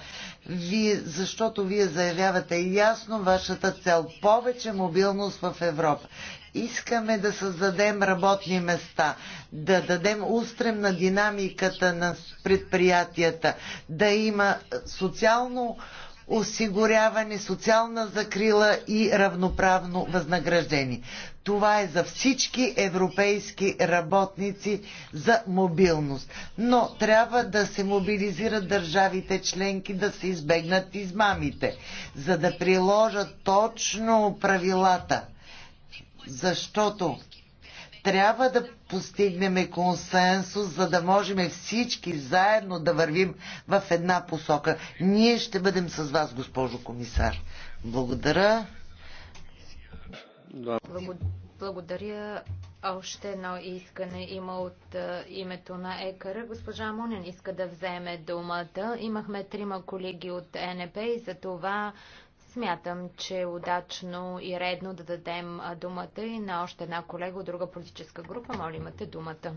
вие, защото вие заявявате ясно вашата цел – повече мобилност в Европа. Искаме да създадем работни места, да дадем устрем на динамиката на предприятията, да има социално осигуряване, социална закрила и равноправно възнаграждение. Това е за всички европейски работници за мобилност. Но трябва да се мобилизират държавите членки, да се избегнат измамите, за да приложат точно правилата. Защото трябва да постигнем консенсус, за да можем всички заедно да вървим в една посока. Ние ще бъдем с вас, госпожо комисар. Благодаря. Благодаря. Още едно искане има от името на ЕКР. Госпожа Монин, иска да вземе думата. Имахме трима колеги от НП и за това Смятам, че е удачно и редно да дадем думата и на още една колега от друга политическа група. Моля, имате думата.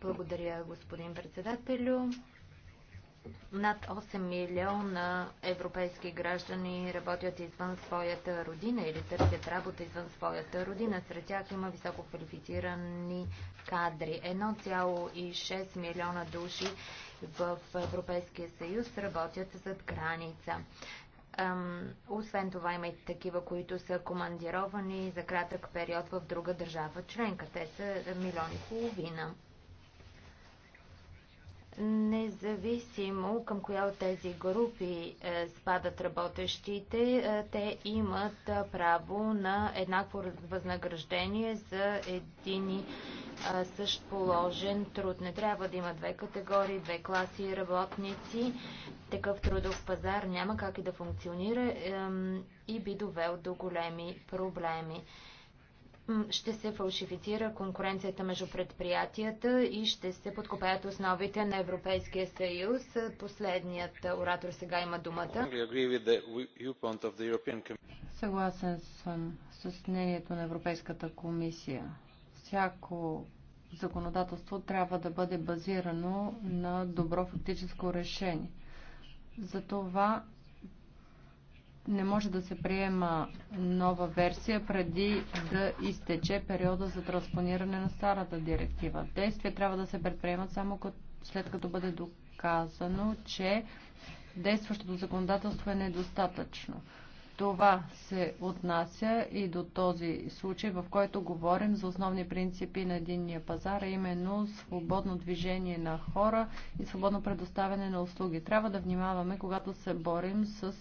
Благодаря, господин председателю. Над 8 милиона европейски граждани работят извън своята родина или търсят работа извън своята родина. Сред тях има високо квалифицирани кадри. 1,6 милиона души в Европейския съюз работят зад граница. Освен това има и такива, които са командировани за кратък период в друга държава членка. Те са милиони и половина. Независимо към коя от тези групи е, спадат работещите, е, те имат е, право на еднакво възнаграждение за един същ положен труд. Не трябва да има две категории, две класи работници. Такъв трудов пазар няма как и да функционира и би довел до големи проблеми ще се фалшифицира конкуренцията между предприятията и ще се подкопаят основите на Европейския съюз. Последният оратор сега има думата. Съгласен съм с мнението на Европейската комисия. Всяко законодателство трябва да бъде базирано на добро фактическо решение. Затова не може да се приема нова версия преди да изтече периода за транспониране на старата директива. Действия трябва да се предприемат само след като бъде доказано, че действащото законодателство е недостатъчно. Това се отнася и до този случай, в който говорим за основни принципи на единния пазар, а именно свободно движение на хора и свободно предоставяне на услуги. Трябва да внимаваме, когато се борим с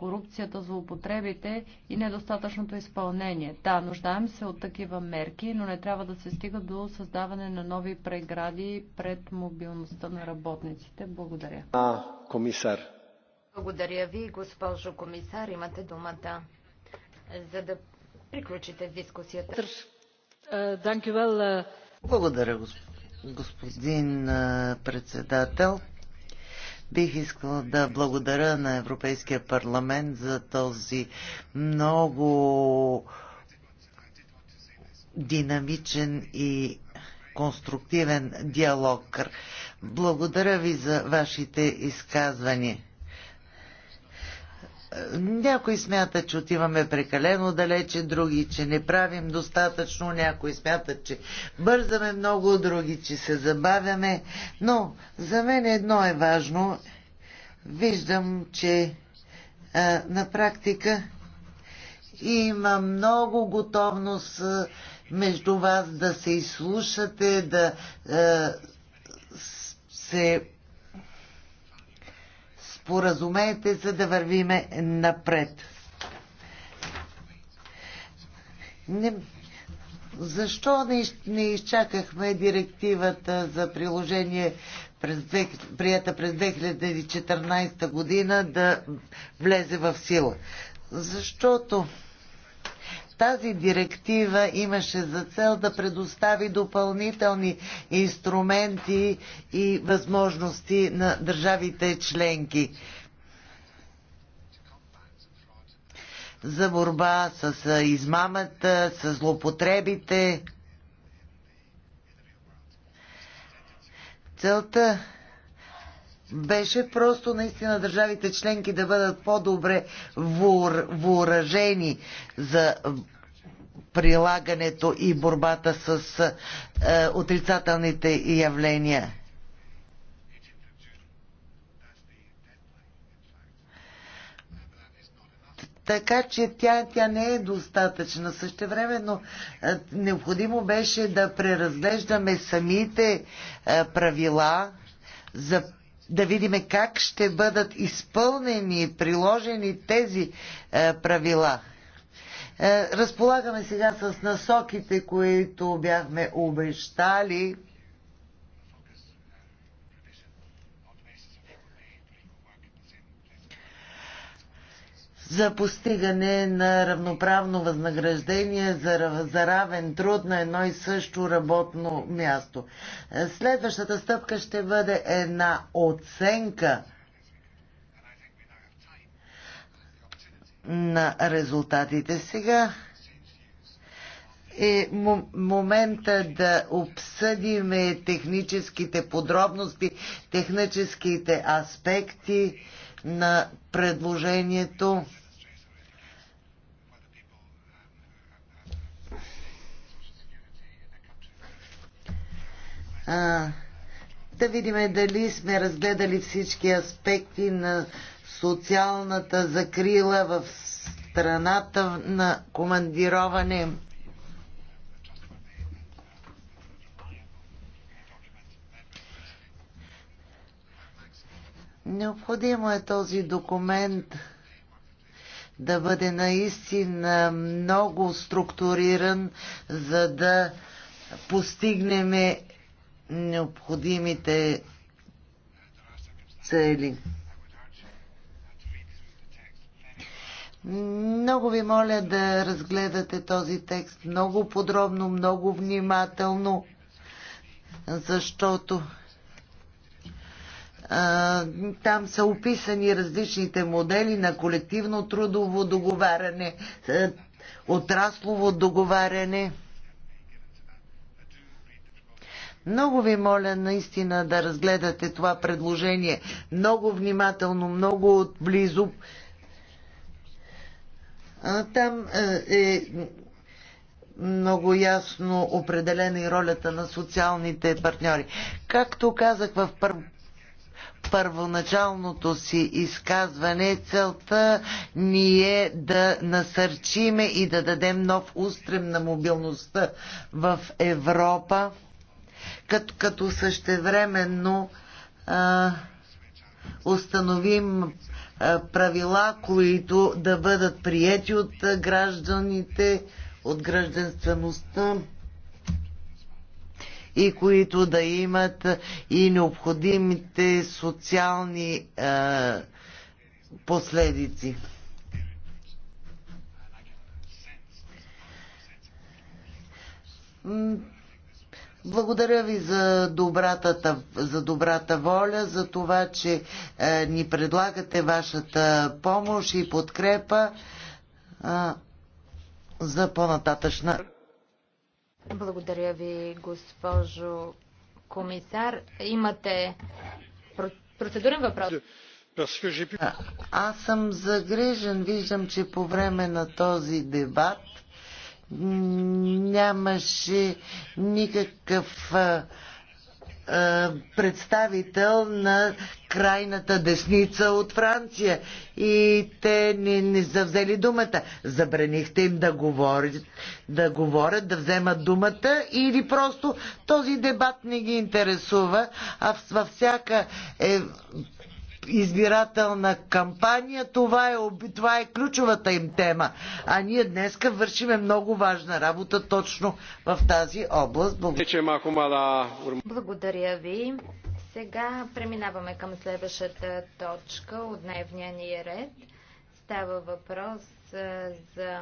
корупцията, злоупотребите и недостатъчното изпълнение. Да, нуждаем се от такива мерки, но не трябва да се стига до създаване на нови прегради пред мобилността на работниците. Благодаря. А, комисар. Благодаря ви, госпожо комисар. Имате думата, за да приключите дискусията. Uh, Благодаря, господин uh, председател. Бих искала да благодаря на Европейския парламент за този много динамичен и конструктивен диалог. Благодаря ви за вашите изказвания някои смятат, че отиваме прекалено далече, други, че не правим достатъчно, някои смятат, че бързаме много, други, че се забавяме. Но за мен едно е важно. Виждам, че а, на практика има много готовност между вас да се изслушате, да а, се споразумеете, за да вървиме напред. Не, защо не, не изчакахме директивата за приложение през, прията през 2014 година да влезе в сила? Защото тази директива имаше за цел да предостави допълнителни инструменти и възможности на държавите членки за борба с измамата, с злопотребите. Целта беше просто наистина държавите членки да бъдат по-добре въоръжени за прилагането и борбата с е, отрицателните явления. така че тя, тя не е достатъчна. но е, необходимо беше да преразглеждаме самите е, правила за да видим как ще бъдат изпълнени и приложени тези е, правила. Е, разполагаме сега с насоките, които бяхме обещали за постигане на равноправно възнаграждение за, за равен труд на едно и също работно място. Следващата стъпка ще бъде една оценка на резултатите. Сега е момента да обсъдиме техническите подробности, техническите аспекти на предложението. а, да видим дали сме разгледали всички аспекти на социалната закрила в страната на командироване. Необходимо е този документ да бъде наистина много структуриран, за да постигнем необходимите цели. Много ви моля да разгледате този текст много подробно, много внимателно, защото а, там са описани различните модели на колективно трудово договаряне, е, отраслово договаряне. Много ви моля наистина да разгледате това предложение много внимателно, много отблизо. Там е, е много ясно определена и ролята на социалните партньори. Както казах в пър... първоначалното си изказване, целта ни е да насърчиме и да дадем нов устрем на мобилността в Европа като, като същевременно а, установим а, правила, които да бъдат приети от гражданите, от гражданствеността и които да имат и необходимите социални а, последици. Благодаря ви за добрата, за добрата воля, за това, че е, ни предлагате вашата помощ и подкрепа е, за по-нататъчна. Благодаря ви, госпожо комисар. Имате процедурен въпрос. Аз съм загрижен. Виждам, че по време на този дебат нямаше никакъв а, а, представител на крайната десница от Франция и те не, не са взели думата. Забранихте им да говорят, да говорят, да вземат думата или просто този дебат не ги интересува, а във всяка е, избирателна кампания. Това е, това е ключовата им тема. А ние днес вършиме много важна работа точно в тази област. Благодаря. Е, Благодаря ви. Сега преминаваме към следващата точка от дневния ни ред. Става въпрос за